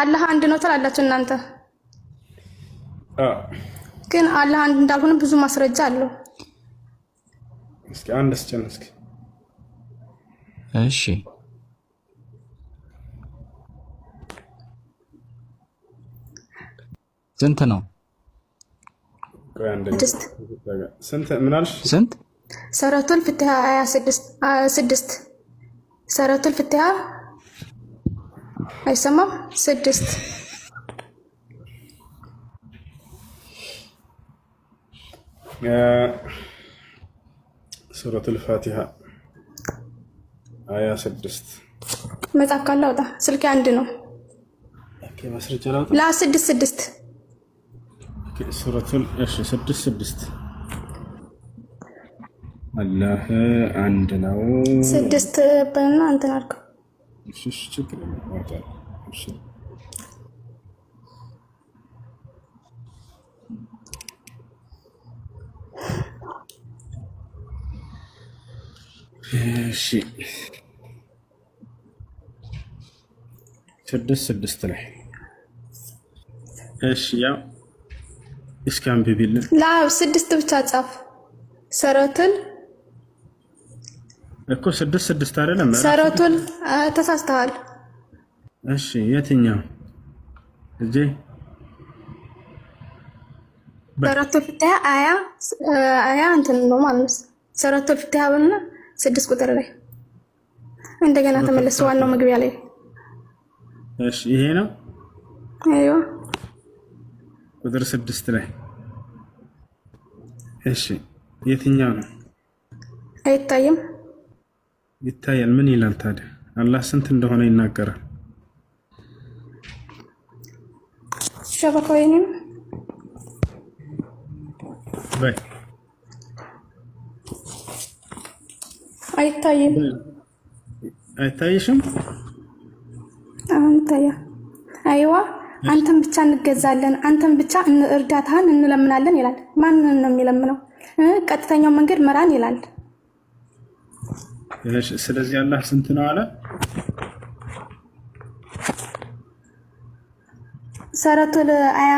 አላህ አንድ ነው ትላላችሁ እናንተ። ግን አላህ አንድ እንዳልሆነ ብዙ ማስረጃ አለው። እስኪ አንድ ስጭን እስኪ። እሺ ስንት ነው? ስንት ሰረቱል ፍትሃ 26 ሰረቱል ፍትሃ አይሰማም። ስድስት ሱረቱል ፋቲሃ አያ ስድስት መጽሐፍ አውጣ። ስልክ አንድ ነው። ላ ስድስት ስድስት ሱረቱል ስድስት ስድስት አላህ አንድ ነው። ስድስት በና እንትን አድርገው እሺ ስድስት ስድስት ላይ እሺ፣ ያው እስኪ አንብቢልን ለአብ ስድስት ብቻ ጻፍ። ሰረቱን እኮ ስድስት ስድስት አይደለም። ሰረቱን ተሳስተዋል። እሺ የትኛው እጂ ሰረቶ ፍትሀ አያ አያ እንትን ነው ማለት ሰረቶ ፍትሀ ብና ስድስት ቁጥር ላይ እንደገና ተመለስ። ዋናው መግቢያ ላይ እሺ፣ ይሄ ነው አይዋ፣ ቁጥር ስድስት ላይ እሺ። የትኛው ነው? አይታይም። ይታያል። ምን ይላል ታዲያ? አላህ ስንት እንደሆነ ይናገራል። ሸበካው የእኔ ነው። አይታይም። አይታይሽም? አይዋ አንተን ብቻ እንገዛለን፣ አንተን ብቻ እርዳታህን እንለምናለን ይላል። ማንን ነው የሚለምነው? ቀጥተኛው መንገድ መራን ይላል። ስለዚህ አላህ ስንት ነው አለ ሰረቱል አያ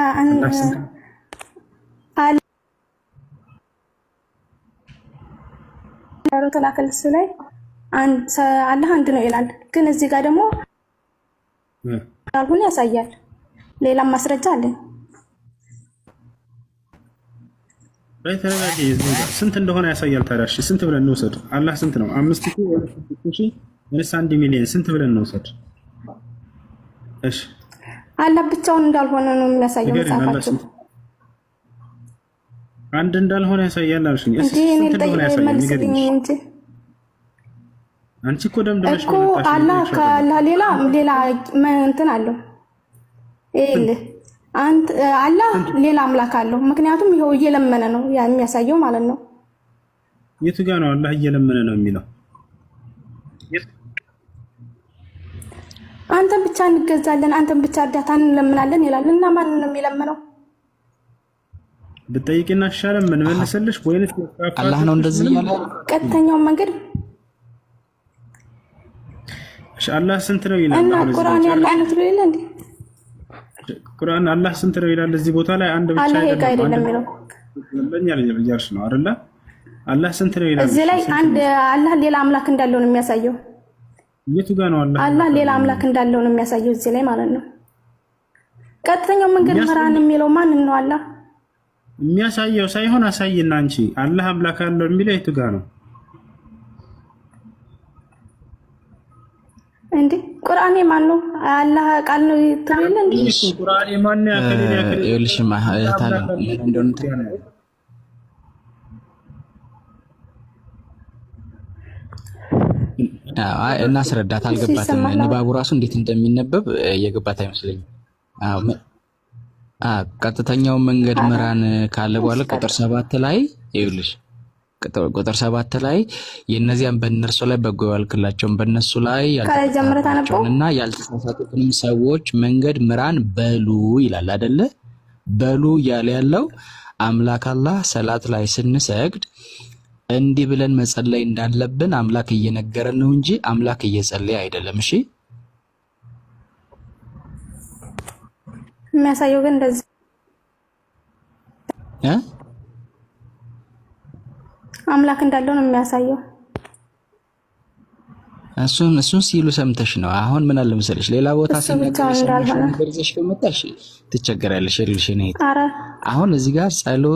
ሰረቱል አክልስ ላይ አላህ አንድ ነው ይላል። ግን እዚህ ጋር ደግሞ ያልሆነ ያሳያል። ሌላም ማስረጃ አለኝ። ስንት እንደሆነ ያሳያል። ታዲያ እሺ ስንት ብለን እንውሰድ? አላህ ስንት ነው? አምስት ሺህ ወይስ አንድ ሚሊዮን? ስንት ብለን እንውሰድ? እሺ አላ ብቻውን እንዳልሆነ ነው የሚያሳየው መጽሐፋቸው። አንድ እንዳልሆነ ያሳያል አልሽኝ። አንቺ እኮ ደምደመሽ እኮ አላ ከአላህ ሌላ ሌላ እንትን አለው። ይኸውልህ አላ ሌላ አምላክ አለው። ምክንያቱም ይኸው እየለመነ ነው የሚያሳየው ማለት ነው። የቱ ጋ ነው አላህ እየለመነ ነው የሚለው? አንተን ብቻ እንገዛለን፣ አንተን ብቻ እርዳታ እንለምናለን ይላል እና ማን ነው የሚለምነው? ብጠይቅና ሻለም ምን መልሰልሽ? ወይንስ አላህ ነው እንደዚህ እያለ ቀጥተኛው መንገድ አላህ ስንት ነው ይላል እና ቁርአን ያለ አይነት ነው ይላል እንዴ? ቁርአን አላህ ስንት ነው ይላል? እዚህ ቦታ ላይ አንድ ብቻ አይደለም ነው አይደለ? አላህ ስንት ነው ይላል? እዚህ ላይ አንድ አላህ ሌላ አምላክ እንዳለው ነው የሚያሳየው የቱ ጋር ነው አላህ ሌላ አምላክ እንዳለው ነው የሚያሳየው እዚህ ላይ ማለት ነው። ቀጥተኛው መንገድ መራን የሚለው ማን ነው? አላህ የሚያሳየው ሳይሆን አሳይና አንቺ አላህ አምላክ አለው የሚለው የቱ ጋር ነው እንዴ? ቁርአኔ ማን ነው? አላህ ቃል ነው ትላለህ እንዴ? ቁርአኔ ማን ነው? ያከለ ያከለ እናስረዳት አልገባትም። ንባቡ ራሱ እንዴት እንደሚነበብ የገባት አይመስለኝም። ቀጥተኛው መንገድ ምራን ካለ በኋላ ቁጥር ሰባት ላይ ይኸውልሽ ቁጥር ሰባት ላይ የእነዚያን በእነርሱ ላይ በጎ ያልክላቸውን በእነሱ ላይ ያልተሳሳቱንና ያልተሳሳቱትንም ሰዎች መንገድ ምራን በሉ ይላል አደለ? በሉ እያለ ያለው አምላክ አላህ ሰላት ላይ ስንሰግድ እንዲህ ብለን መጸለይ እንዳለብን አምላክ እየነገረን ነው እንጂ አምላክ እየጸለየ አይደለም። እሺ የሚያሳየው ግን እንደዚህ አምላክ እንዳለው ነው የሚያሳየው። እሱን እሱን ሲሉ ሰምተሽ ነው። አሁን ምን አለ መሰለሽ፣ ሌላ ቦታ ሲነገርሽ ከመጣሽ ትቸገራለሽ። ነ አሁን እዚህ ጋር ጸሎት